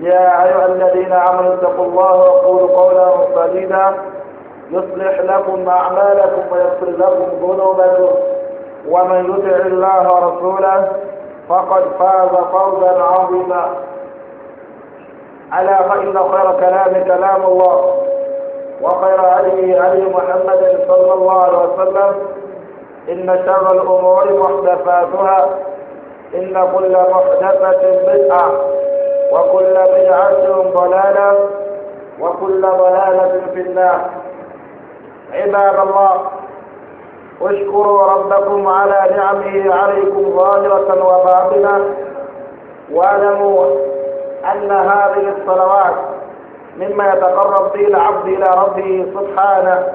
يا أيها الذين آمنوا اتقوا الله وقولوا قولا سديدا يصلح لكم أعمالكم ويغفر لكم ذنوبكم ومن يطع الله ورسوله فقد فاز فوزا عظيما على فإن خير كلام كلام الله وخير هدي هدي محمد صلى الله عليه وسلم إن شر الأمور محدثاتها إن كل محدثة بدعة وكل بدعة ضلالة وكل ضلالة في النار عباد الله اشكروا ربكم على نعمه عليكم ظاهرة وباطنة واعلموا أن هذه الصلوات مما يتقرب به العبد إلى ربه سبحانه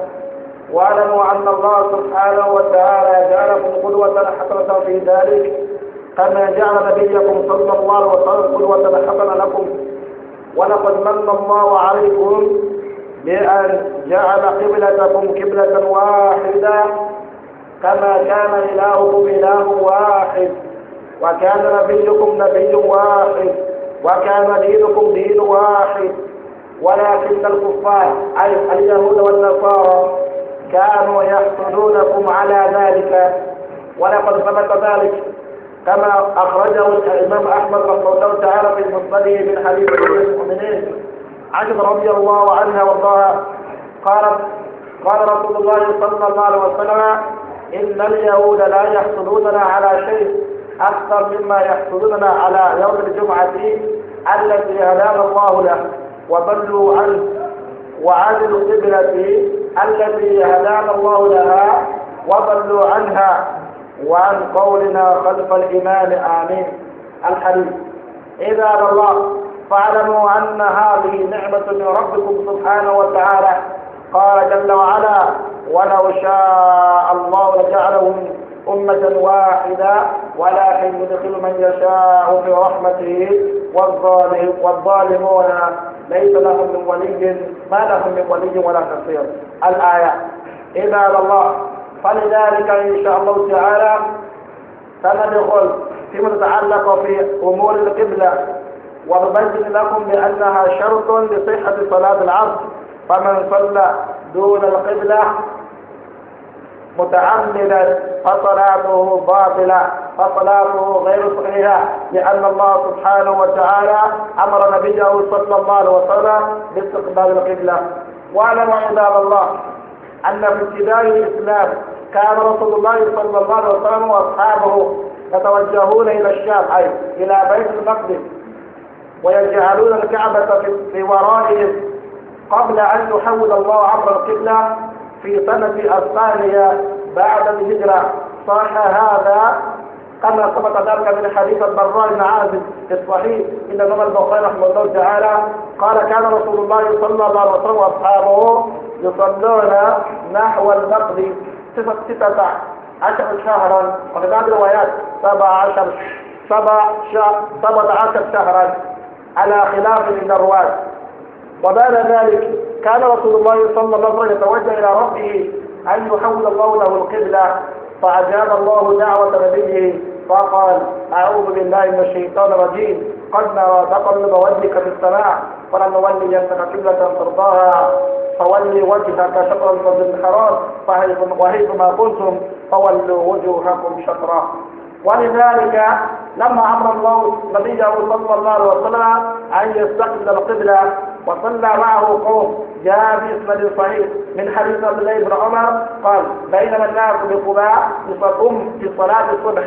واعلموا أن الله سبحانه وتعالى جعلكم قدوة حسنة في ذلك كما جعل نبيكم صلى الله عليه وسلم قدوة حسنة لكم ولقد من الله عليكم بأن جعل قبلتكم قبلة واحدة كما كان إلهكم إله واحد وكان نبيكم نبي واحد وكان دينكم دين واحد ولكن الكفار أي اليهود والنصارى كانوا يحسدونكم على ذلك ولقد ثبت ذلك كما أخرجه الإمام أحمد رحمه الله تعالى في مسنده من حديث أم المؤمنين عائشة رضي الله عنها وارضاها قالت قال رسول الله صلى الله عليه وسلم إن اليهود لا يحصلوننا على شيء أكثر مما يحصلوننا على يوم الجمعة الذي هدانا الله له وضلوا عنه وعادلوا قبلته التي هدانا الله لها وضلوا عنها وعن قولنا خلف الإمام آمين الحديث إذا الله فاعلموا أن هذه نعمة من ربكم سبحانه وتعالى قال جل وعلا ولو شاء الله لجعلهم أمة واحدة ولكن يدخل من يشاء في رحمته والظالمون ليس لهم من ولي ما لهم من ولي ولا نصير الآية إذا الله فلذلك إن شاء الله تعالى سندخل فيما تتعلق في أمور القبلة ونبين لكم بأنها شرط لصحة صلاة العصر فمن صلى دون القبلة متعمدا فصلاته باطلة فصلاته غير صحيحة لأن الله سبحانه وتعالى أمر نبيه صلى الله عليه وسلم باستقبال القبلة واعلموا عباد الله أن في ابتداء الإسلام كان رسول الله صلى الله عليه وسلم واصحابه يتوجهون الى الشام اي الى بيت المقدس ويجعلون الكعبه في ورائهم قبل ان يحول الله عبر القبله في سنه الثانيه بعد الهجره صح هذا كما ثبت ذلك من حديث البراء بن عازب الصحيح ان الامام البخاري رحمه الله تعالى قال كان رسول الله صلى الله عليه وسلم واصحابه يصلون نحو المقدس صفة ستة عشر شهرا وفي بعض الروايات سبع عشر سبع سبعة عشر شهرا على خلاف من الرواة وبعد ذلك كان رسول الله صلى الله عليه وسلم يتوجه إلى ربه أن يحول الله له القبلة فأجاب الله دعوة نبيه فقال أعوذ بالله من الشيطان الرجيم قد نرى تقلب وجهك في السماء فلنولينك قبلة ترضاها فولي وجهك شطر المسجد الحرام ما كنتم فولوا وجوهكم شطرا ولذلك لما امر الله نبيه صلى الله عليه وسلم ان يستقبل القبله وصلى معه قوم جاء في اسناد صحيح من حديث عبد الله بن عمر قال بينما الناس بقباء يصلون في صلاه الصبح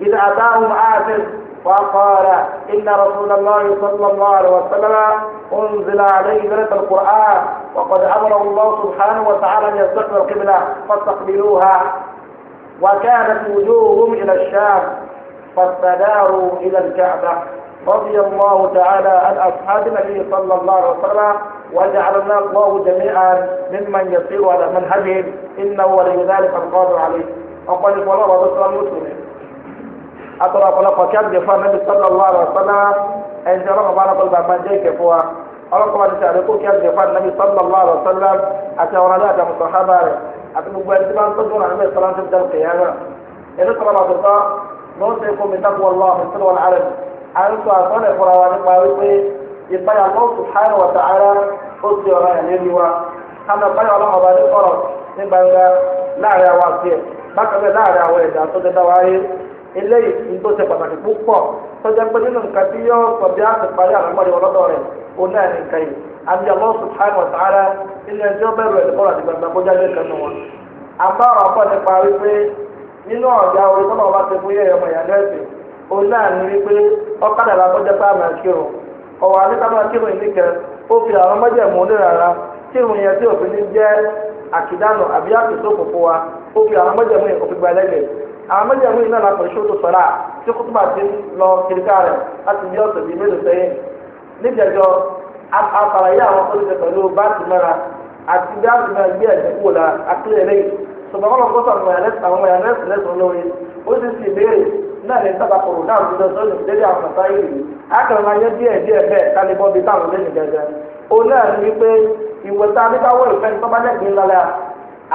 إذ أتاهم عاصف وقال إن رسول الله صلى الله عليه وسلم أنزل عليه ليلة القرآن وقد أمره الله سبحانه وتعالى أن يستقبل القبلة فاستقبلوها وكانت وجوههم إلى الشام فاستداروا إلى الكعبة رضي الله تعالى عن أصحاب النبي صلى الله عليه وسلم وجعلنا الله جميعا ممن يسير على منهجهم إنه ولي ذلك القادر عليه وقد الله رسول مسلم atọ́rọ ọ̀pọ̀lọpọ̀ kí àgbẹ̀ fún anabi sallallahu alaihi wasallam ẹni tí ọlọ́kọ̀ bá ń kọ́ gbàgbà jẹ́ ìkẹ́ fún wa ọlọ́kọ̀ bá ti ṣe àdékò kí àgbẹ̀ fún anabi sallallahu alaihi wasallam àti àwọn aláàdá mùsàlábà rẹ̀ àti gbogbo ẹni tí wọ́n ń tọ́jú ọ̀nà àmì ìsọ̀rọ̀ àti ìdá ìkẹyàmà ẹni sọ̀rọ̀ bàtọ̀ sọ lọ́sẹ̀ kó mi dákú ọlọ́ àfẹ́sọ̀rọ̀ àrẹ àrùn tó àtọ́nà ìfọ̀rọ̀ wa nípa wípé ìpayà lọ́wọ́ ta'ala ó ti ọ̀rọ̀ ẹ̀ lé wa kánà báyọ̀ ọlọ́mọ bá ní sọ̀rọ̀ ní gbangba láàrin eléyìí ní tó ṣe pàtàkì púpọ̀ tọ́jà pé nínú nǹkan tí yóò sọ a ti parí àlámọ́rí ọlọ́dọ̀ rẹ̀ ó náà ní nǹkan yìí àbí Allah subhanahu wa ta'ala nínú ẹjọ́ bẹ̀rù ẹ̀ di àti gbàgbà kó jáde kẹnu wọn. àbá ọ̀rọ̀ ti fún yẹ̀ ọmọ ìyá lẹ́sìn ó náà ní wípé ọ̀kadà ya pé àmà kírun ọ̀wà nítorí akírun ìníkẹ́ a méjèèjì yìí na lápò ìṣòro sọ̀rọ̀ tí kútùmá ti ń lọ kiriká rẹ̀ láti bí ọ̀sẹ̀ bíi a sẹ́yìn níjẹ̀jọ́ àfàlàyé àwọn olùsẹ̀ pẹ̀lú báàtì mẹ́ra àti báàtì mẹ́ra gbé ẹ̀jẹ̀ kúrò la akílẹ̀ lẹ́yìn ṣùgbọ́n wọn kọ́ sọ̀rọ̀ àwọn ọmọ yàrá ẹ̀sìn lẹ́sùn ya ó sì sì béèrè náà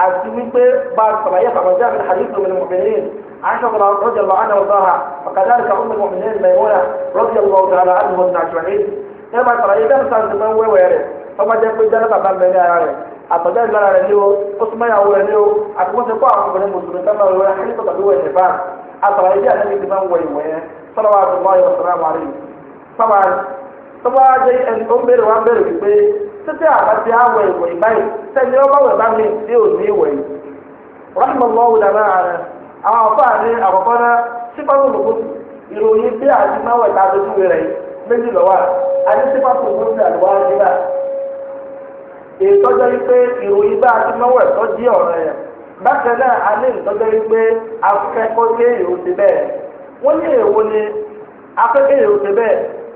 àti wípé bá a sọ̀rọ̀ ayé pàpàjá àti àdìsí omi mọ̀mìnirin aṣọ kan náà rọ́jà lọ àná ọ̀tọ́ ha ọ̀kadà àti àwọn mọ̀mìnirin mẹ́wọ́nà rọ́jà lọ ọ̀gá àlà àti wọn nàjọ ní. ẹ máa sọ̀rọ̀ ayé bẹ́ẹ̀ sáà ti máa ń wẹ́wẹ́ rẹ̀ ọmọ jẹ́ pé jẹ́ bàbá mẹ́rin ara rẹ̀ àtọ̀jẹ́ ìlara rẹ̀ ni o ó súnmọ́ ìyàwó rẹ̀ ni o àti wọ́n ti kó àwọn obìnrin mùsùlùmí sábà wẹ̀ wẹ̀ títí àbájá awọ ìwọ ìbáyìí sẹni ọba wẹ bá mi tí ò ní ìwọ yìí rahma allahu dama ara àwọn afáàní àkọ́kọ́ náà na. lòkùtù ìròyìn bí iroyi ìtàdójú méjì lọ́wọ́ àdìwá ìtọ́jọ́ yìí pé ìròyìn bá ọ̀rọ̀ yẹn bákan náà a ní ìtọ́jọ́ yìí pé akẹ́kọ̀ọ́ yẹ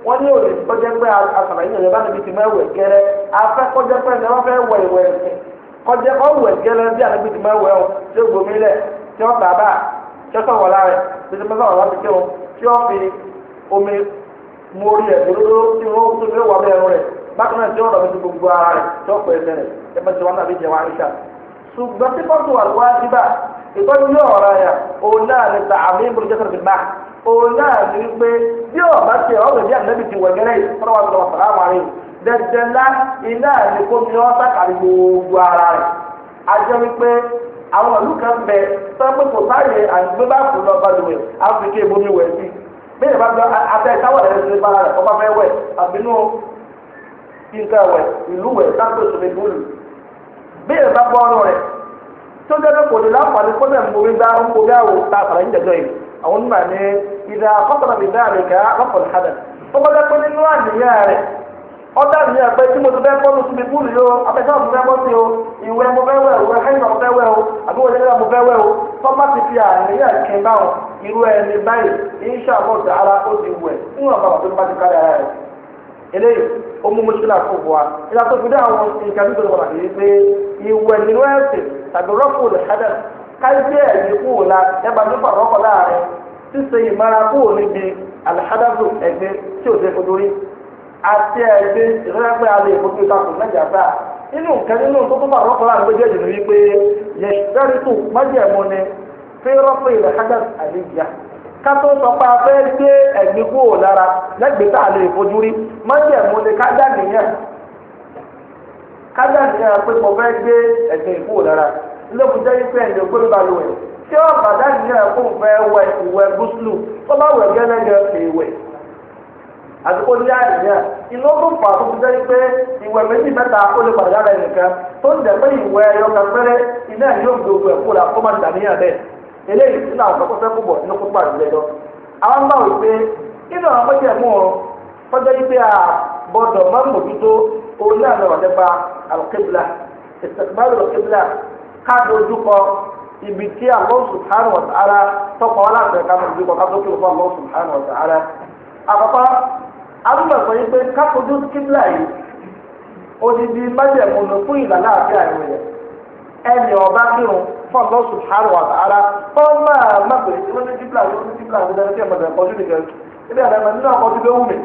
wọ́n ní òye kọjá pé asàlàyé yẹn bá níbi tí máa wẹ̀ gẹ́rẹ́ afẹ́ kọjá pé ní wọ́n fẹ́ wẹ̀ ìwẹ̀ kọjá kọ́ wẹ̀ gẹ́rẹ́ bí àníbi tí máa wẹ̀ ọ́ tí ó gbomi lẹ̀ tí ó bàbà tí ó sọ̀wọ́ lára rẹ̀ tí ó sọ̀wọ́ lára rẹ̀ tí ó fi omi mu orí ẹ̀ lódodo tí ó tún fi wà bẹ́ẹ̀ rẹ̀ bákan náà tí ó rọ̀bí gbogbo ara rẹ̀ tí ó pẹ̀ ẹsẹ̀ rẹ̀ ẹ bá ti náà fi jẹ òun náà ní pé bí ọba tẹ ọ̀rọ̀ bí ànábì ti wẹ̀gẹ́rẹ́ ìfọwọ́ àti ọ̀sán àmàlẹ́ dẹ̀dẹ̀ ńlá iná ní kó mi ọ́ gbogbo ara rẹ̀ ajẹ́ wípé àwọn ìlú kan bẹ sọ́pẹ́ kò sáyè àgbẹ̀ bá kú lọ́ba lùwẹ̀ áfíríkà ìbomi wẹ̀ sí bẹ́ẹ̀ gbọ́ abẹ́ bá rẹ̀ ọba fẹ́ wẹ̀ àbínú wẹ̀ ìlú wẹ̀ sápẹ́ òṣèlú gbọ́ àwọn onímọ̀ ní ìdá kọ́kọ́rọ́ mi dáa nìkan lọ́pọ̀lọ́ hàdà tó bá dẹ́kun nínú àníyàn rẹ̀ ọ̀dà mi àgbẹ̀ tí mo ti fẹ́ bọ́ọ̀lù síbi búùlù o abẹ́sẹ̀ mo fẹ́ káyọ̀dé ẹ̀mí kúrò la ẹ̀bà tó pàrọ̀ láàrin ṣíṣe ìmọ̀ra kúrò níbi alihadazu ẹ̀gbẹ́ tí ò sẹ́kọ̀ lórí àti ẹ̀gbẹ́ ìrẹ́pẹ́ alẹ́ ìfojú ìtakùn mẹ́jà inú nǹkan nínú tó tó pàrọ̀ láàrin méjèèjì ni wípé yẹ̀sítẹ́rìtù májẹ̀mú ni fẹ́rọ́pẹ́ ìlẹ̀hadazu àlejò kátó sọ pé a fẹ́ gbé ẹ̀gbẹ́ tá rí lókùtà yìí pé ẹ̀dẹ̀ gbóló balùwẹ̀ tí ó bàdá nìyẹn kó fẹ́ wẹ ìwẹ̀ gúúsùlù tó bá wẹ̀ gẹ́lẹ́gẹ́ lè wẹ̀ àdúgbò ní àyè iná tó fà tó fi jẹ́ pé ìwẹ̀ méjì mẹ́ta ó lè padà yára ẹnìkan tó ń jẹ́ pé ìwẹ̀ ẹ̀yọ́ka péré iná yóò gbogbo ẹ̀kú la kó bẹ́ẹ̀ eléyìí àwọn bá wò pé àwọn a gbọ́dọ̀ mójútó ká dojúkọ ibi tí Allah subhanahu wa ta'ala tọkọ aláṣẹ ká dojúkọ ká dojúkọ fún Allah subhanahu wa ta'ala. àkọ́kọ́ adúgbò yìí pé ká fojú kíbla yìí odidi májèmúlò fún ìlànà àti àìwé rẹ̀ ẹnì ọba kírun fún máa má pè é tí wọ́n ní kíbla yìí ní kíbla yìí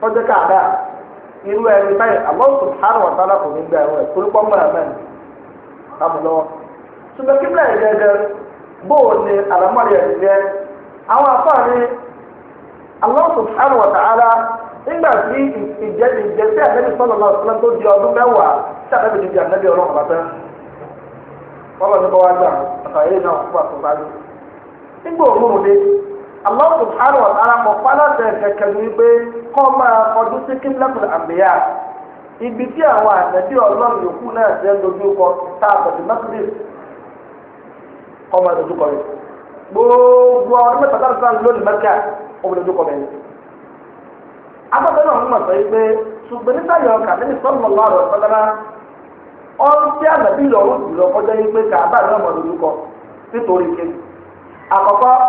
tọ́ba náà irú ẹni báyìí Allah subhanahu wa kò ní gbà ẹ̀wọ̀n ẹ̀ torípọ̀ ẹ̀mẹ́ ni kábùlọ́wọ́. ṣùgbọ́n kí bílẹ̀ yìí dẹ́dẹ́ ni àlámọ́lẹ̀ ẹ̀ jẹ́ àwọn afáàní Allah subhanahu wa nígbà tí ìjẹ́ ìjẹ́ sí sọ́nà náà sọ́nà tó di ọdún mẹ́wàá sí àtẹ́bí ti di àtẹ́bí ọlọ́run bàtẹ́ Allah subhanahu ala ta'ala kọ fana tẹ kẹkẹ ní pé kọ́ na kọjú sí ibi dị àwọn àtẹ̀bí ọlọ́run a tẹ̀sí a sàn lónìí mẹ́kà ó bí dojú kọ bẹ́ẹ̀. akọ́kọ́ náà ń mọ̀ sọ pé ṣùgbọ́n nígbà yọ kàdínní sọ́nù lọ́wọ́ àrùn ọ̀sán ọ̀run tí àtẹ̀bí yọ̀ọ́ jùlọ kọjá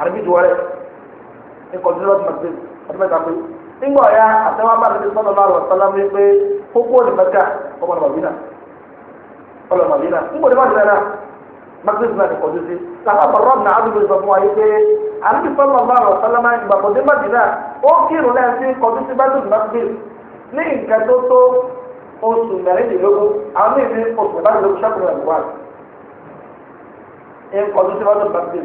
arabi duwale e kɔntino tuma se a tuma taa koyi nígbà yà àtẹwà bá arabi sọlọ lọ àlọ sọlọ mi pé kókó ni maka ọmọ ní màbínà ọmọ ní màbínà nígbà tí wọn ti rẹ maka ti nàní kọjú sí làwọn bọrọ nà àdúgbò sọ fún wa yìí pé arabi sọlọ lọ àlọ sọlọ mi ìgbà kọjú màbínà ó kírun náà sí kọjú sí bàtú màbí ní nǹkan tó tó oṣù mẹ́rìndínlógún àwọn mí-ín oṣù mẹ́rìndínlógún sọ́kùnrin ẹ̀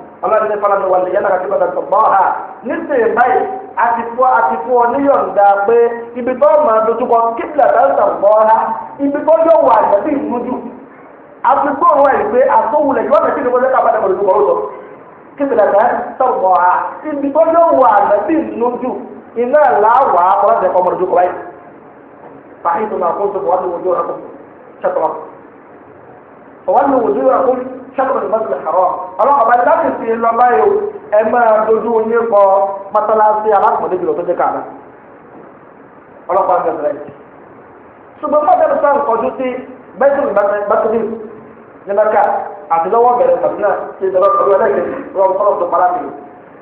ọlọ́run ní fọlọ́nù wà lẹ́yìn náà kíkọ́ dàtọ̀ bọ́ ha nísìnyí báyìí àti fún àti fún ọ níyọ̀ǹda pé ibi tó máa dojúkọ kíkìlà dàtọ̀ bọ́ ha ibi tó yọ wà àgbẹ̀bí ìmújú àti gbóòrò ẹ̀ pé àtọ́wulẹ̀ yọ̀ọ́ mẹ́tí ni wọ́n lẹ́ka padà mọ̀ lójúkọ̀ ọ̀rọ̀ kíkìlà dàtọ̀ bọ́ ha ibi tó yọ wà àgbẹ̀bí ìmújú iná làwà ọlọ́dẹ̀ kọ́ sẹ́kọ̀rọ̀ ìmọ̀sílẹ̀ àrọ́ ọlọ́run ọba láti fi lọ báyìí ẹ máa dojú yín kọ mọ́tàlásí alákùnrin jùlọ tó jẹ́ kàná ọlọ́pàá ń bẹ̀rẹ̀ ṣùgbọ́n mọ́tà bí sáà kọjú sí bẹ́tùn bẹ́tùn ní mẹ́ka àti lọ́wọ́ bẹ̀rẹ̀ màdínà ṣe ìjọba pẹ̀lú ẹlẹ́gbẹ̀ẹ́ lọ́wọ́ tọ́lọ̀ tó para mi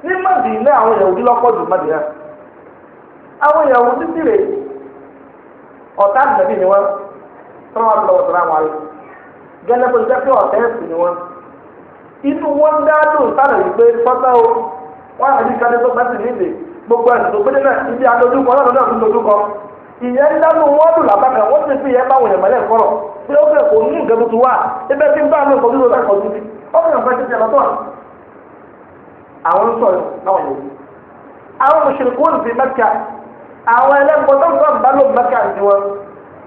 ní màdínà àwọn Yahudi lọ́pọ̀ jù màdínà àwọn Yahudi títì rè ọ̀tá nàbí ni wọ́n tọ́lọ́ àti lọ́wọ́ àwọn àlejò gẹ́lẹ́ bó ti jẹ́ pé ọ̀tẹ́ ẹ̀sìn ni wọ́n inú wọn dá dùn sára yìí pé pátá o wọn àti ìkàdé tó bá sì ní ìlè gbogbo ẹ̀sìn tó gbélé náà ibi àdójúkọ náà lọ́dọ̀ tó dojúkọ ìyẹn ń dánú wọn dùn làbákan wọn ti fi ìyẹn bá wọn ìmọ̀lẹ́ kọ́rọ̀ pé ó fẹ́ kó ní nǹkan tuntun wá ẹgbẹ́ tí ń bá àwọn ọkọ̀ dúró láti kọjú sí ó fẹ́ nǹkan títí ẹ̀lọ́tọ̀ àwọn ń sọ̀rọ̀ láwọn yòókù àwọn mùsùlùmí kò ní fi mẹ́kà àwọn ẹlẹ́gbọ́n tó ń sọ̀rọ̀ bá lóun mẹ́kà ní wọn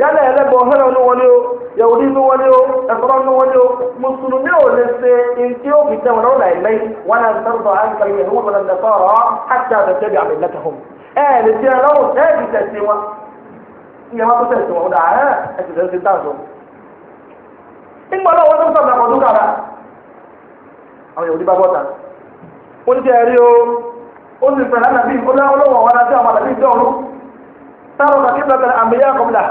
yálà ẹlẹ́bọ̀ ọ̀hẹ́rẹ́ ní wọlé o yahudi ní wọlé o ẹ̀fọ́rọ́ ní wọlé o mùsùlùmí ò lè ṣe ntí ó fi tẹ̀wọ̀n lọ́wọ́ láì wọn náà sọ̀rọ̀ bọ̀ àǹkà yẹn wọ́n fọlọ́ ǹdẹ̀fọ́ hàtà àbẹ̀tẹ̀ bí àmì lẹ́tà hùm. ẹ lè ṣe ẹlọ́wọ́ ẹ ti tẹ̀sí wọn ìyẹn wọn tó tẹ̀sí wọn dáa ẹ ẹ ti tẹ̀sí sì fẹ́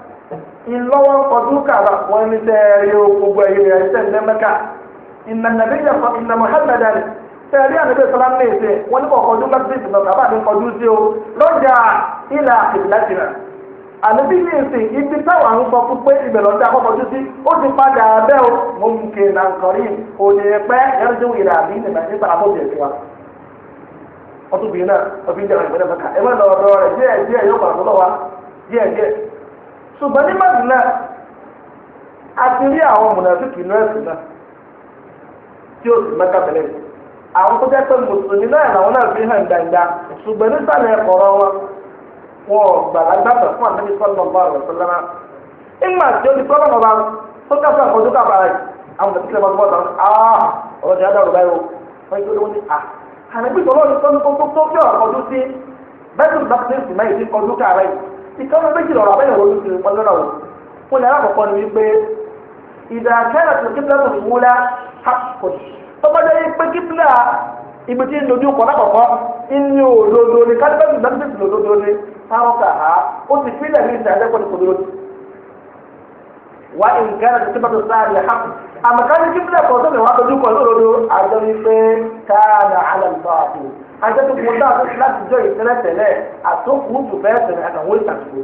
ìlọ́wọ́ wọn kàrà wọ́n ní sẹ́ẹ̀rí gbogbo ẹ̀yẹ ya sẹ́ẹ̀lẹ́ mẹ́ka ìnànàbí yẹfọ ìnà na ali sẹ́ẹ̀rí àdébẹ̀ sọlá ní èsè wọ́n ní kọ̀ ọdún mẹ́sìlẹ̀ náà bàbá mi kọjú sí o lọ́jà ìlà ìlàjìnà àdébí ní èsè ibi táwọn àwọn sọ fún pé sí ó ti padà o mo ń ké na nkọ̀rí òní àbí nípa náà ṣùgbọ́n ní màdínà a rí àwọn mùnàfíkì inú ẹ̀sìn náà tí ó sì mẹ́ta tẹ̀lé àwọn tó jẹ́ pé mùsùlùmí náà làwọn náà fi hàn gbangba ṣùgbọ́n nísàlẹ̀ ẹ̀kọ́rọ́ wọn wọn ò gbàgbà fún àmì sọ́nà ọ̀bá rẹ̀ sọ́lámà ìgbà tí ó di tó àwọn áà ah, ọ̀rọ̀ ti ìkànnì méjì lọ́rọ̀ abẹ́yẹ̀wò ló ti pọn lọ́rọ̀ wò fún ní alákọ̀ọ́kọ́ ni wípé ìdàkẹ́rẹ̀ tó kíbla tó wú la hapkò tó bá dé pé kíbla ibi tí ń dojú kọ lákọ̀ọ́kọ́ inú òdodo ni kálífẹ́sì lọ́sibítì lòdodo ni táwọn kà á ó ti fi ilẹ̀ ní ìsàlẹ̀ pẹ̀lú kòdodo wa nǹkan àti kíbla tó sáà ní hapkò àmọ́ kálífẹ́sì kíbla kọ̀ọ̀tọ́ mi wá dojú kọ lódodo àjọ wípé káà ní alẹ́ nípa àti òkú àjẹtù kò dá àtúntò láti jọ ìtẹ́lẹ̀tẹ́lẹ̀ àtòkù tó fẹ́ tẹ̀lé àtàwọn ìtàkùn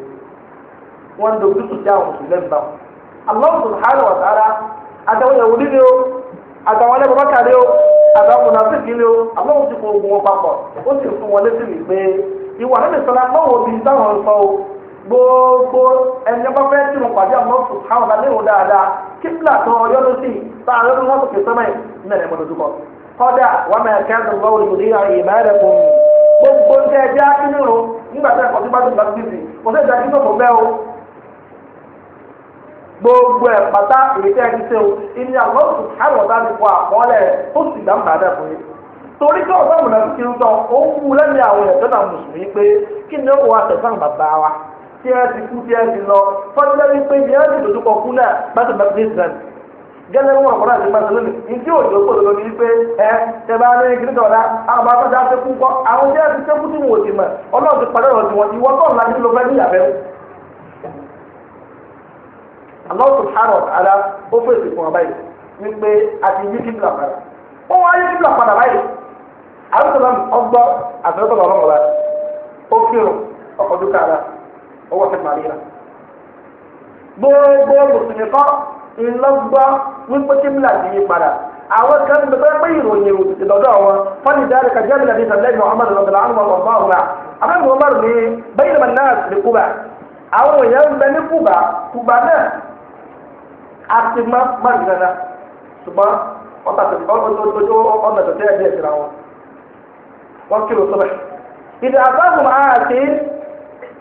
wọn lò tó tún dáhùn sílẹ̀ ń bá wọn. Allah subhanahu wa ta'ala àtàwọn yahudi ni o àtàwọn ẹlẹ́gbọ̀n bàtà ni o àtàwọn mùnàfíìkì ni o Allah ti kó ogun wọn papọ̀ ó sì fún wọn létí mi pé ìwà níbi sọlá mọ́wọ́ bí táwọn sọ o gbogbo ẹni bá fẹ́ tí mo pàdé Allah subhanahu wa ta'ala léwu dáadáa kí kọ́dà wà máa kẹ́ ẹ̀sìn lọ́wọ́ ìmùdí ìmáàlẹ́kùn gbogbo ń tẹ́ ẹjẹ́ nígbà bá kò sí kò o gbogbo ẹ̀ pátá ìrètí ẹni tẹ́ o ìní àlọ́sùn àwọn ti fọ àkọọ́lẹ̀ tó sì fún torí tí ọ̀sán mọ̀nà ti ń tọ́ ó ń wú lẹ́nu àwọn èèyàn náà mùsùlùmí pé kí ni ó wà tẹ̀sán bàbá wa tí ẹ ti kú tí ẹ gẹ́gẹ́ wọn kọ́ra àti gbàgbọ́ lónìí ìdí òjò kò lọ ní pé ẹ ṣe bá ní kiri dọ̀la àwọn bá fẹ́ kú kọ́ àwọn jẹ́ ti sẹ́kù tí wò ti mọ̀ ọlọ́run padà rọ̀ tiwọn ìwọ tó ńlá nílò fẹ́ ó fèsì fún a ti yí kíbla padà ó wá padà ọgbọ́ àtẹ̀rẹ́tọ̀ ńlọgbọ́ wípé kíbla ti yí padà àwọn kan ń bẹ pé ìròyìn ìdọ̀dọ̀ wọn fọ́nì dáre kàjá bí nàbí sàlẹ̀ muhammadu rọ̀bìlà àwọn ọmọ ọmọ ọmọ abẹ́ muhammad ní bẹ́yìn nàbà náà sí kúbà àwọn èèyàn ń bẹ ní kúbà kúbà náà àti má má nìkanna ṣùgbọ́n ọ̀tà tó ọ̀nà tó tẹ́lẹ̀ díẹ̀ síra wọn wọ́n kí ló sọ́bẹ̀ ìdí àbáwọ̀ àti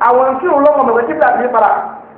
àwọn kí ló lọ́wọ́ mọ̀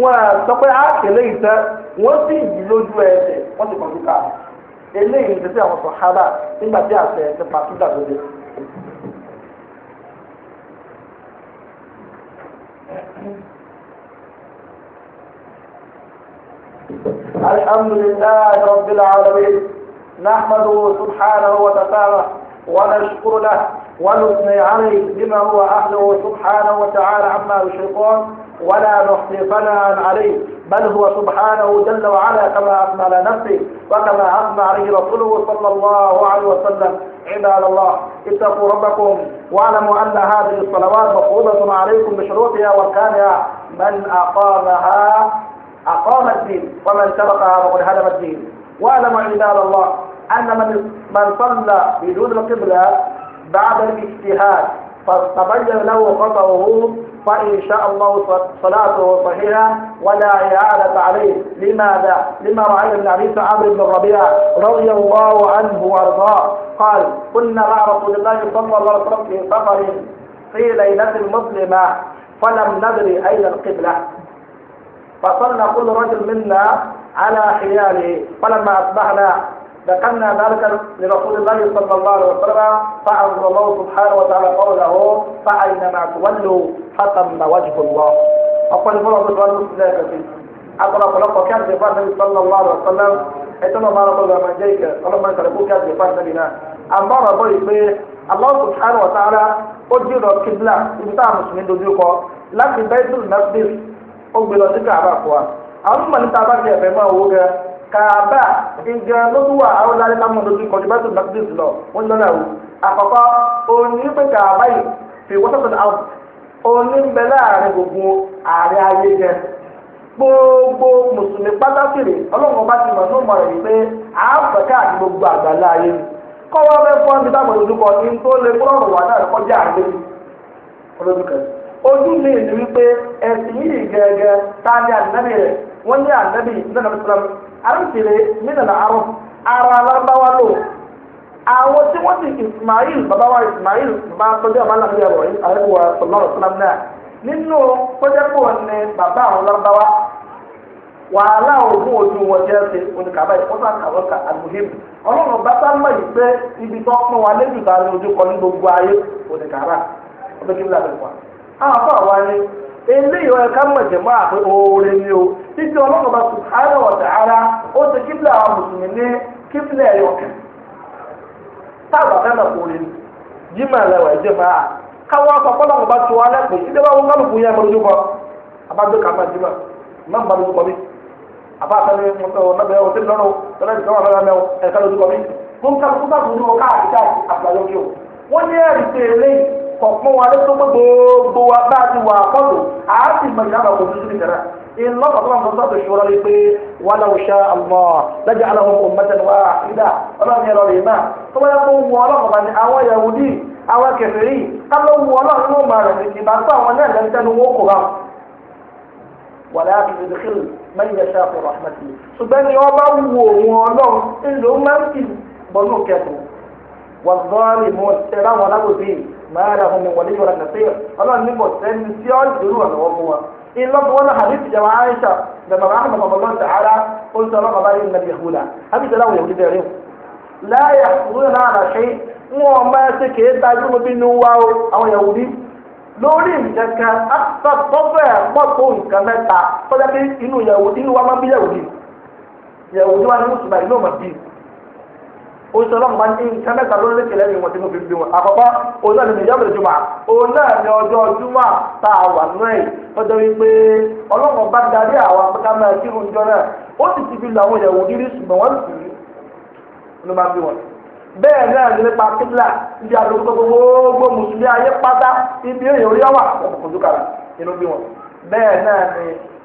wọn sọ pé sì yí lójú sì ká eléyìí nígbà tí àṣẹ الحمد لله رب العالمين نحمده سبحانه وتعالى ونشكر له ونثني عليه بما هو اهله سبحانه وتعالى عما يشركون ولا نحصي ثناء عليه بل هو سبحانه جل وعلا كما أثنى على نفسه وكما أثنى عليه رسوله صلى الله عليه وسلم عباد الله اتقوا ربكم واعلموا أن هذه الصلوات مفروضة عليكم بشروطها واركانها من أقامها أقام الدين ومن تركها فقد هدم الدين واعلموا عباد الله أن من من صلى بدون القبلة بعد الاجتهاد فتبين له خطأه فإن شاء الله صلاته صحيحة ولا إعادة عليه لماذا؟ لما رأينا من حديث عمرو بن الربيع رضي الله عنه وأرضاه قال كنا مع رسول الله صلى الله عليه وسلم في سفر في ليلة مظلمة فلم ندري أين القبلة فصلنا كل رجل منا على حياله فلما أصبحنا ذكرنا ذلك لرسول الله صلى الله عليه وسلم فأنزل الله سبحانه وتعالى قوله فأينما تولوا فثم وجه الله أقول فلا تقول مسلمة أقول فلا كان في النبي صلى الله عليه وسلم إتنا ما رضى من جيك ولا من تلبو كان في فاتنا أما رضي الله سبحانه وتعالى أجير الكبلة إبتاع مسلمين دوجوكو لكن بيت المسجد أقبل ذكر عباقوا أما نتابع يا بما وجه kaaba ìgbẹ́ n'otu tún wà àwọn ìlànà ìlànà ìlànà lọ wọ́n lọ́nà o àkọ́kọ́ òní pé fi wọ́n sọ̀tọ̀ àwọn òní ń gbogbo ààrẹ ayé jẹ gbogbo mùsùlùmí pátákìrì ọlọ́run ọba ti mọ̀ ní ọmọ rẹ̀ pé gbogbo àgbàlá ayé mi kọ́wọ́ bẹ́ẹ̀ fọ́n mi táwọn ní tó lè wà náà kọjá àgbẹ̀ ojú mi wípé ẹ̀sìn yìí gẹ́gẹ́ ànábì rẹ̀ wọ́n ní ànábì àrùntìrẹ mílíọ̀nù àrùn ara alábáwá lò àwọn tí wọ́n ti Ismail bàbá Ismail bàbá tọ́jú àwọn aláàbí àwọn àyẹ̀wò sọlọ́rọ̀ sọlọ́rọ̀ náà nínú pọ́jẹ́pọ̀ ní bàbá àwọn alábáwá wàhálà ògùn ojú wọn jẹ́ ṣe oníkàbá ìfọ́sà kàwọ́kà àgùhìm ọlọ́run bá sá mọ̀ yìí pé ibi tó pín wa lẹ́jù ta ni ojú kọ ní gbogbo ayé oníkàbá ọdún kí n lábẹ́ fún wa. àwọn afọ àwa ni ilé ìwọ ẹ̀ka mọ̀jẹ̀mọ́ àpé oore ni o títí ọlọ́kọ̀ọ́ba subhanahu wa ta'ala ó ti kíbla àwọn mùsùlùmí ní kíbla ni jimá lẹwà ẹ̀jẹ̀ máa káwọn akọ ọlọ́kọ̀ọ́ba tó wà lẹ́kọ̀ọ́ ìdílé wa wọn kálukú yẹn mọ́lódé kọ́ abájọ́ kà máa jimá má ń bá lójú kọ́ ọ̀pọ̀ wa ló tó gbogbo wa bá a ti wà àkọ́tù a sì mọ ìyá àbàkù tuntun ní kẹrẹ iná bàbá wọn sọ tó ṣòro rí pé wọn lọ ṣe àmọ lẹjọ aláwọn kò mẹtẹ wá ìdá Ọlọ́run yẹn lọ rí náà tó bá yẹ kó wọ Ọlọ́run bá ní àwọn Yahudi àwọn kèfèrí ká ló wọ Ọlọ́run ló máa rẹ ní ìgbà tó àwọn náà lẹnu tẹnu wọn kò rà wọ́n bá wù wọn Ọlọ́run ńlọ máa máa ra omi wọlé yọrọ nàṣẹ ọlọ́run níbo sẹ́ni tí ó dúró ọ̀nàwọ́ fún wa ìlọ́gbọ́n náà hadith jẹ́ wọn aisha dàbà bá hàmà bàbá lọ́sẹ̀ ara ó ń sọ̀rọ̀ bàbá yìí nàbí yahuda àbí sọ̀rọ̀ àwọn yahuda rẹ̀ láyà kúrò náà rà ṣe wọn ọmọ ẹsẹ̀ kìí dájú mo bí nu wa o àwọn yahudi lórí nǹkan kan àtúntò tọ́gbẹ́ pọ̀pọ̀ nǹkan mẹ́ta tọ́jà pé inú yahudi wa máa bí yahudi yahudi wa ni mùsùlùmí inú ọmọ bíi oṣù ọlọ́mọba ní nǹkan mẹ́ta ló lékè lẹ́yìn wọn tí mo fi gbé wọn àkọ́kọ́ òun náà ní ìyàwó ìjùmọ̀ òun náà ní ọjọ́ júmọ̀ tá a wà nù ẹ̀ lọ́jọ́ wípé ọlọ́mọba darí àwọn apẹ́ká máa kí oúnjẹ náà ó sì ti fi lu àwọn ìyàwó gírí ṣùgbọ́n wọ́n sì rí ló máa fi wọn. bẹ́ẹ̀ náà ní nípa kíkìlà ibi àdókò gbogbo mùsùlùmí ayé pátá ibi èèyàn orí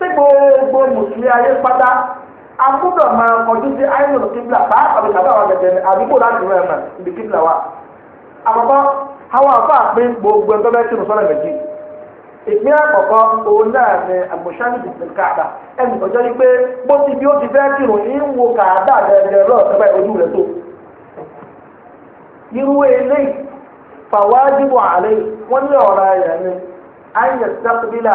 tí gbogbo mùsùlùmí ayé pátá a máa kọjú sí àìsàn kíbla pàápàá bí kàtà wà gẹ̀gẹ̀ ní àdúgbò láti rẹ̀ ibi wa. àkọ́kọ́ àwọn afọ àpín gbogbo ẹgbẹ́ bẹ́ẹ̀ tí mo sọ́nà méjì ìpín àkọ́kọ́ òun náà àgbòsánì káàdà ẹnì jẹ́ wípé bó ti bí ó ti fẹ́ kírun wo káàdà gẹ́gẹ́ ojú rẹ̀ tó. irú fàwájú wà á lé wọ́n ní ọ̀rọ̀ ayẹ̀ ni ayẹ̀ sẹ́kúbílà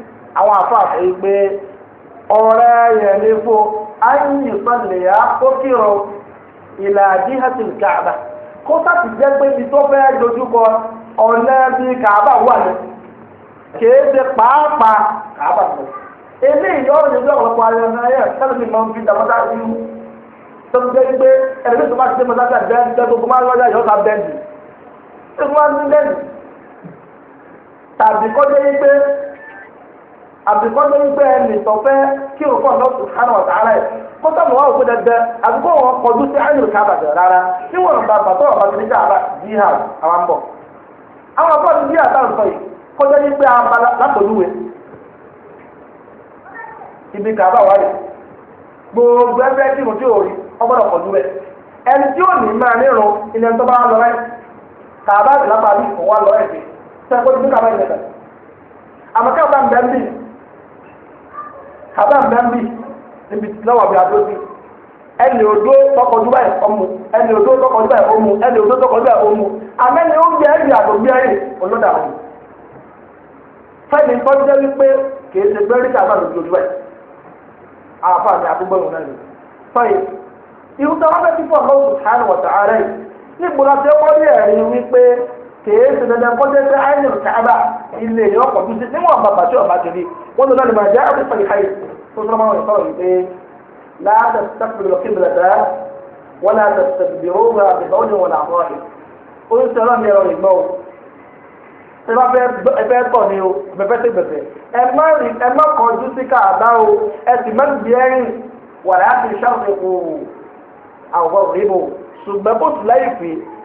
àwọn àfáàfẹ́ yìí pé ọ̀rẹ́ yẹn ní fo ayé sọ̀lẹ̀yà ó kírun ìlà jihatil Kaaba kó sáàtì jẹ́ pé ibi tó fẹ́ dojúkọ ọ̀nà bí Kaaba wà ní kìí ṣe pàápàá Kaaba lọ. eléyìí ọ̀rọ̀ yẹn bí ọ̀pọ̀lọpọ̀ ayọ̀ náà yẹ sẹ́lẹ̀ máa ń fi dàmọ́tà tó ń jẹ́ pé tó bẹ́ẹ̀ tó máa lọ́jà tàbí àbíkọ́dọ̀ wípé ẹnì tọ́fẹ́ kí òun fọ́n lọ́sùn kánú ọ̀tá rẹ̀ kọ́sọ́mù wa òkú dẹdẹ àbíkọ́ wọn kọjú sí àyè òkè àbàdàn rárá níwọ̀n bàbà tó ọ̀bà tìlíkà àbá jihad àwọn ń bọ̀. àwọn ọkọ ti jihad sọ yìí kọjá ibi wà gbogbo ẹgbẹ́ mo ti rí ọgbọ́dọ̀ kọjú rẹ̀ ẹni tí bá àbá mẹ́mbì níbi lọ́wọ́ bí adó sí ẹnì odó tọkọjú báyìí ọmú ẹnì odó tọkọjú báyìí ọmú ẹnì odó tọkọjú báyìí ọmú àmẹ́ni oúnjẹ ẹ̀yìn àtògbé ẹ̀yìn olódà ọ̀hún fẹ́mi tọ́jú jẹ́ wípé kìí ṣe bẹ́rẹ̀ kí àbá lòdì ojú ẹ̀ àbá mi àdúgbò ìwọ̀n náà ni sọ́yìn ìhùtọ́ wọn fẹ́ fífọ́ ọ̀hún sùn kèé ṣe dandan kó jẹ́ pé àìlèm káàbà ilé yọ ọkọ̀ tó ṣe níwọ̀n bàbà tí ọba jẹ̀bi wọ́n lọ lọ́nà ìbàjẹ́ àti fàlìkàyè tó sọ́nà máa ń sọ̀rọ̀ yìí pé láàdà sàkpìlì lọ kébìlà dá wọn láàdà sàkpìlì rúbà bìbà ó ní wọn làwọn rẹ̀ ó ń sọ̀rọ̀ mi ẹ̀rọ ìgbọ́ o bá fẹ́ tọ̀ ni o bẹ̀fẹ́ ti bẹ̀fẹ́ ẹ má kọjú sí káàbá o ẹ sì má gbé ẹ̀rín wàrà á ti ṣàfihàn àwọ̀ rẹ̀ bò ṣùgbọ́n bó ti láyè pé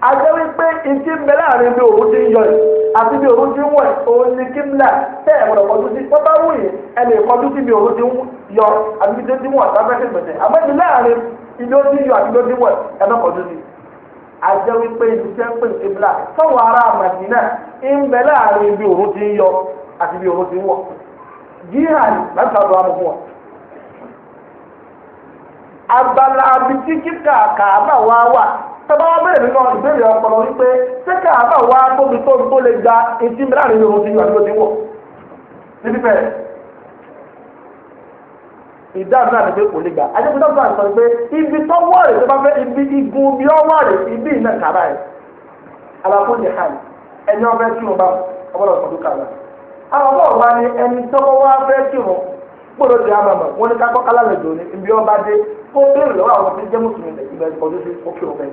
àjẹ́ wípé ìdí ń bẹ láàrin bí òun ti ń yọ yìí àti bí òun ti ń wẹ̀ òun ni kímlà tẹ́ ẹ̀ gbọ́dọ̀ kọjú sí tó wù yìí sí bí òun ti ń yọ àti bí ti ń wọ̀ sáfẹ́sì gbẹ̀dẹ̀ àmọ́ ìdí láàrin ìdí ó ti yọ àti bí ó ti sí. ìdí tẹ́ ń pè fọwọ́ ara ti ń yọ àti bí ti wọ̀ abala abiti kíkà ka wá tọ́ba wọn bẹ̀rẹ̀ nínú ìbéèrè ọpọlọ wípé ṣé káàbà wá tóbi tó lè gba etí mìíràn níbi bẹ́ẹ̀ ìdáhùn náà ni pé kò lè ajẹ́pẹ́ sọ pé ibi tó wọ̀ rẹ̀ tó bá fẹ́ ibi igun bí ó wọ̀ rẹ̀ ibi iná kàrà ẹ̀ ní hàn ẹni tí mo bá kàrà àwọn ọmọ wa ni ẹni wá fẹ́ di àmàmà wọn ni ká kọ́ kálá ibi ọba dé kó lọ́wọ́ àwọn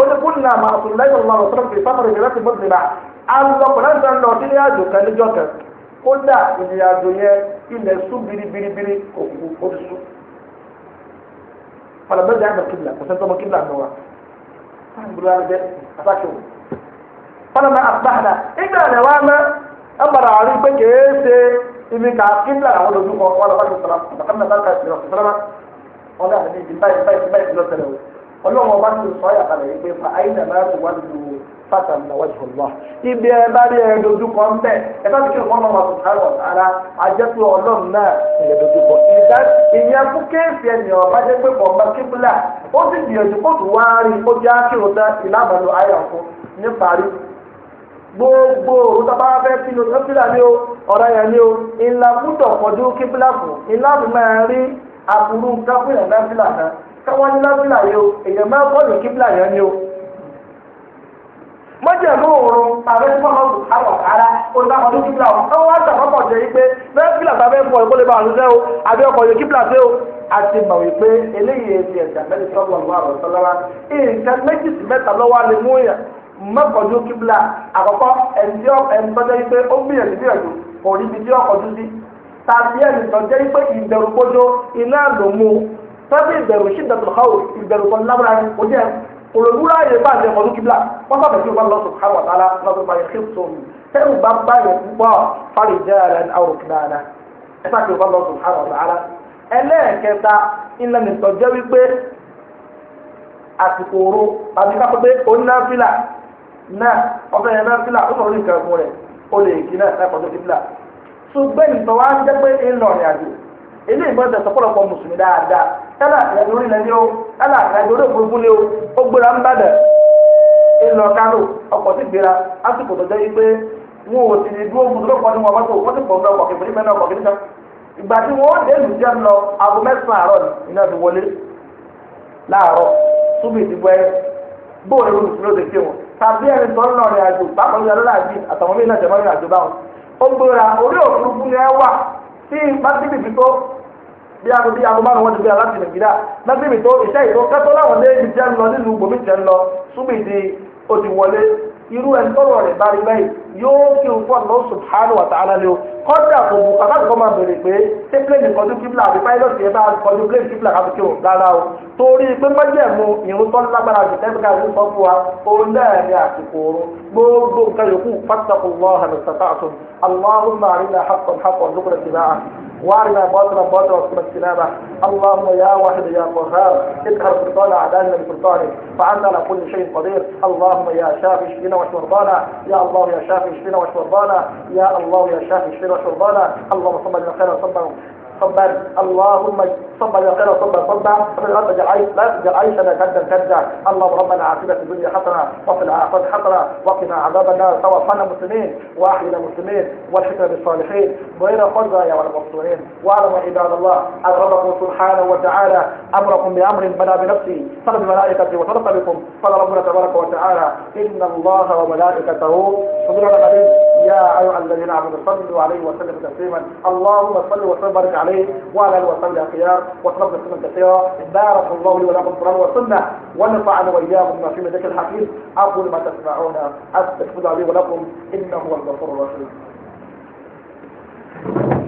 ó ní kúnnà máa sùn lẹ́yìn ọ̀la ọ̀sán fi sáfàrì ìrẹsì mọ́tìlá alọ́pọ̀ náà sàn lọ sílé àjò kan níjọ́ kan kódà ìrìn yẹn ilẹ̀ sú biribiribiri kò kú ó ti sú. palamẹ́jì àmọ̀ kíbla kò sẹ́ńtọ́ ọmọ kíbla wa sáàbùrọ̀ àgbàdà ìgbà rẹ̀ wá mẹ́ ẹ gbàdà àrí pé kèé ṣe ibi ká kíbla àwọn olójú kan wà lọ́wọ́ àti sàlámà ọ̀dà ọlọ́run ọba ti sọ àyàkà rẹ̀ pé fa àyìnà máa tó wá lu fata ní ọwọ́ ìṣòro lọ. ibi ẹ bá rí ẹ dojú kọ ń bẹ ẹ bá fi ọmọ ọmọ sùkárọ̀ ara ajẹ́pẹ́ ọlọ́run náà ilẹ̀ dojú kọ. ìdá ìyẹn fún kéèsì ẹnì ọba jẹ́ pé kò ọba kíbúlà ó sì gbìyànjú kó tún wá rí ó jẹ́ ákìrò ayọ̀ fún níparí gbogbo òun tó bá fẹ́ kíbúlà ni ó ọ̀rọ̀ yẹn ni ó ìlànà kúndọ̀ kíbúlà fún ìlànà rí àbúrú nǹkan fún kíbúlà náà káwọn ní lábílà yìí o èèyàn máa kọ́ ní kíbílà yẹn ni o. mọ́jẹ̀mú òru ààrẹ tí wọ́n mọ̀ àwọn ará olùdámọ̀dún kíbílà o wọ́n wá sàkọ́kọ̀ jẹ́ pé bẹ́ẹ̀ kíbílà tàbí ẹ̀fọ́ ìkólé bá àlùsẹ́ o àbí ọkọ̀ yóò kíbílà sí o. a ti mọ̀ wípé eléyìí ti ẹ̀dà mẹ́rin sọ́kọ̀ ọ̀gbọ́n àrùn sọ́lára nǹkan méjì sí mẹ́ta lọ́wọ́ alẹ́ mú yàn mọ́kànlú kíbílà àkọ́kọ́ ẹ̀ńtí ọ̀ẹ́ńtọ́jọ́ yìí pé ó gbìyànjú gbìyànjú kò rí ibi tí ọkọ̀ dúdú tàbí ẹ̀ńtọ́jọ́ yìí pé ìbẹ̀rù gbójó iná ló mú sábẹ́ ìbẹ̀rù ṣíndàtúlùkọ́ ìbẹ̀rù tó lábúra yẹn kò jẹ́ olùwúrà yẹn bá jẹ́ ọdún kíbla wọ́n sábẹ̀ tí wọ́n lọ sùn káwọ̀ tálá lọ́dún bá yẹ kí tó mi tẹ́rù bá bá yẹ púpọ̀ fárí jẹ́ ara ní àwòrán kìláàdá ẹ sá tí wọ́n lọ sùn káwọ̀ tálá ẹlẹ́ẹ̀kẹta ilẹ̀ nìtọ́ jẹ́ wípé àsìkò oró àti ká pé ó náà ọ̀fẹ́ yẹn náfìlà ó sọ̀rọ̀ nìkan fún ilé ìgbọ́n tẹ̀ sọ́kọ́lọ́pọ̀ mùsùlùmí dáadáa yálà ìrìnàjò orílẹ̀ ni ó yálà ìrìnàjò orí òfurufú ni ó ó gbéra ń bàdàn ńlọ kánò ọkọ̀ sì gbéra lásìkò tó jẹ́ wípé wọn ò sì ní dúró gbọdọ̀ kọ́ ní wọn mọ́tò wọ́n sì pọ̀ ńlọ ọkọ̀ kìfìrí mẹ́rin ọkọ̀ kìfìrí kan ìgbà tí wọn ó dé ìlú jẹ́ lọ aago mẹ́sàn-án àárọ̀ iná ti wọlé láàárọ̀ túbí ìdìbò ẹ ni ẹ wà tí bá tíbi bí aago bí aago márùn wọn ti gbé aláàtì nàìjíríà lágbègbè tó iṣẹ́ ìtò kẹ́tọ́ láwọn lé ibi jẹ́ ń lọ nílùú gbòmí jẹ́ ń lọ súnmì di ó ti wọlé irú ẹni tọrọ rẹ̀ bá rí báyìí yóò kí n fún Allah subhanahu wa ta'ala ni o kọ́dà kò bù kàkà tó máa bèrè pé ṣé pléènì kọjú kíbla àbí pilot yẹn bá kọjú pléènì kíbla kàbí kí o rárá o torí pé májẹ̀mú ìrún tó lágbára jù tẹ́bí ká sọ fún wa ó náà ní àsìkò oorun gbogbo nǹkan yòókù fattaqullaha mastata'tum Allahumma arina haqqan haqqan lókùnrin ìgbà وارنا باطلا باطلا واسكنا اللهم يا واحد يا قهار اذهب سلطان اعدائنا بسلطانك فعنا كل شيء قدير اللهم يا شافي اشفنا واشف يا الله يا شافي شافي اشفنا وشربانا يا الله يا شافي اشفنا وشربانا اللهم صل على خير وصبر صبر اللهم صبر يا خير صبر صبر صبر رب اجعل عيش لا تجعل عيشنا كدا كدا اللهم ربنا عاقبة الدنيا حسنه وفي الاخره حسنه وقنا عذاب النار توفنا مسلمين واحينا مسلمين والحكمه بالصالحين غير يا رب مبصورين واعلموا عباد الله ان ربكم سبحانه وتعالى امركم بامر بنا بنفسي صلى الملائكة وصدق بكم صلى ربنا تبارك وتعالى ان الله وملائكته يصلون على النبي يا ايها الذين امنوا صلوا عليه وسلموا تسليما اللهم صل وسلم وبارك عليه عليه وعلى اله وصحبه الخيار وطلبنا سنة كثيرة بارك الله لي ولكم القرآن والسنة ونفعنا وإياكم بما في ذكر الحكيم أقول ما تسمعون أستغفر لي ولكم إنه هو الغفور الرحيم